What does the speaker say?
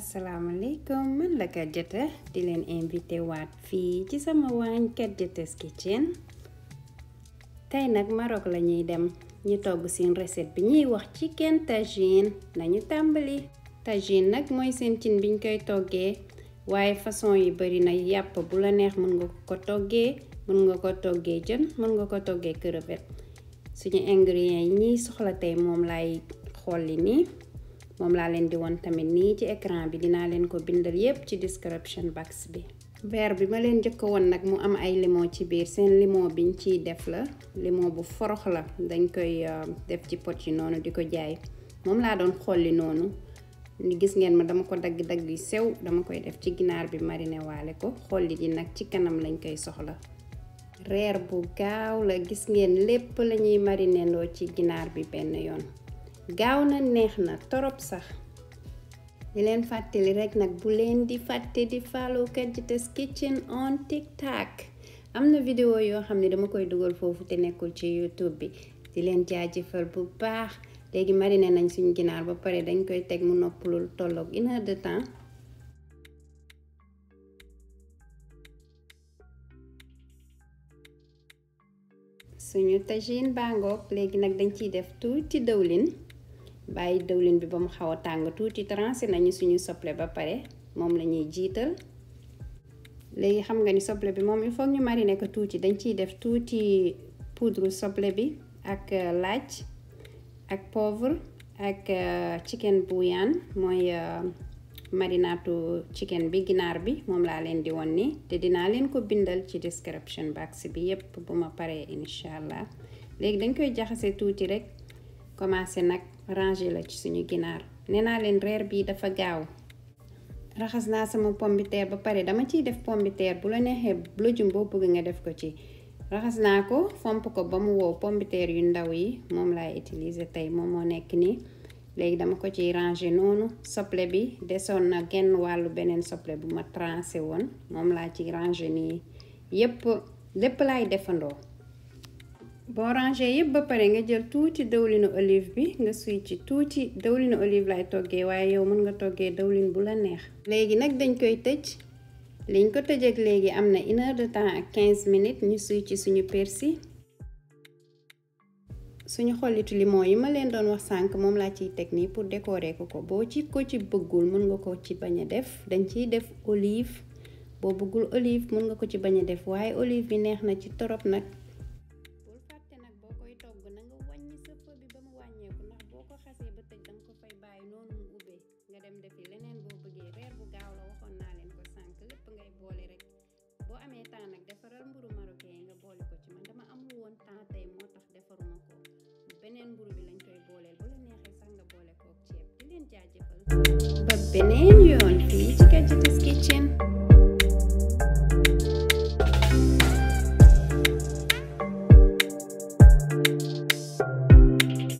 asalaamaaleykum man la Kat di leen invité waat fii ci sama waañ Kat Diatta's tey nag Maroc la ñuy dem ñu togg seen recette bi ñuy wax chicken tagine nañu tàmbali tagine nag mooy seen cin biñ koy toggee waaye façon yi bari na yàpp bu la neex mën nga ko toggee mën nga ko toggee jën mën nga ko toggee crevette suñu ingrédients yi ñiy soxla tey moom lay xolli nii moom laa leen di won tamit nii ci écran bi dinaa leen ko bindal yépp ci description box bi verre bi ma leen njëkk woon nag mu am ay limon ci biir seen limon bi ñu ciy def la limon bu forox la dañ koy euh, def ci pot yi noonu di ko jaay moom laa doon xolli noonu ni gis ngeen ma dama ko dagg-dagg yu sew dama koy def ci ginaar bi mariné waale ko xolli ji nag ci kanam lañ koy soxla reer bu gaaw la gis ngeen lépp lañuy mariné ndoo ci ginaar bi benn yoon gaaw na neex na torop sax di leen fàttali rek nag bu leen di fàtte di follow Kadiata's Kitchen on TikTok am na video yoo xam ne dama koy dugal foofu te nekkul ci YouTube bi di leen jaajëfal bu baax léegi marine nañ suñu ginaar ba pare dañ koy teg mu noppalul tolloog une heure de temps suñu tajine baa léegi nag dañ ciy def tuuti dëwlin bàyyi dëwlin bi ba mu xaw a tàng tuuti tranché nañu suñu soble ba pare moom la ñuy jiital léegi xam nga ni soble bi moom il faut ñu mariner ko tuuti dañ ciy def tuuti poudre soble bi ak euh, laaj ak poivre ak euh, chicken bouillon mooy euh, marinaatu chicken bi ginaar bi moom laa leen di won ni te dinaa leen ko bindal ci description box bi yépp bu ma paree incha allah léegi dañ koy jaxase tuuti rek. commencé nag ranger la ci suñu ginaar nee naa leen reer bii dafa gaaw raxas naa sama pombiteer ba pare dama ciy def pombiteer bu la neexee lojum boo bëgg nga def ko ci raxas naa ko fomp ko ba mu wow pombiteer yu ndaw yi moom laay utiliser tey moom moo nekk nii léegi dama ko ciy ranger noonu soble bi desoon na genn wàllu beneen soble bu ma trancé woon moom laa ci ranger nii yépp lépp laay defandoo boo rangé yëpp ba pare nga jël tuuti dawlinu olive bi nga suy ci tuuti dawlinu olive lay toggee waaye yow mën nga toggee dawlin bu la neex léegi nag dañ koy tëj liñ ko tëjeek léegi am na une de temps ak 15 minutes ñu suy ci suñu persil suñu xollitu limon yi ma leen doon wax sànq moom laa ciy teg nii pour décorer ko ko boo ci ko ci bëggul mën nga ko ci bañ a def dañ ciy def olive boo bëggul olive mën nga ko ci bañ def waaye olive bi neex na ci torop nag togg na nga wàññi sa bi ba mu wàññeeku ndax boo ko xasee ba tëj danga ko fay bàyyi noonu mu ubbee nga dem defi leneen boo bëggee reer bu gaaw la waxoon naa leen ko sànq lépp ngay boole rek boo amee temps nag defaral mburu marocain yi nga boole ko ci man dama amul woon temps tey moo tax defaruma ko beneen mburu bi lañ koy booleel bu la neexee sax nga boole kook ceeb di leen jaajëfal ba beneen yoon fii ci Gadji's Kitchen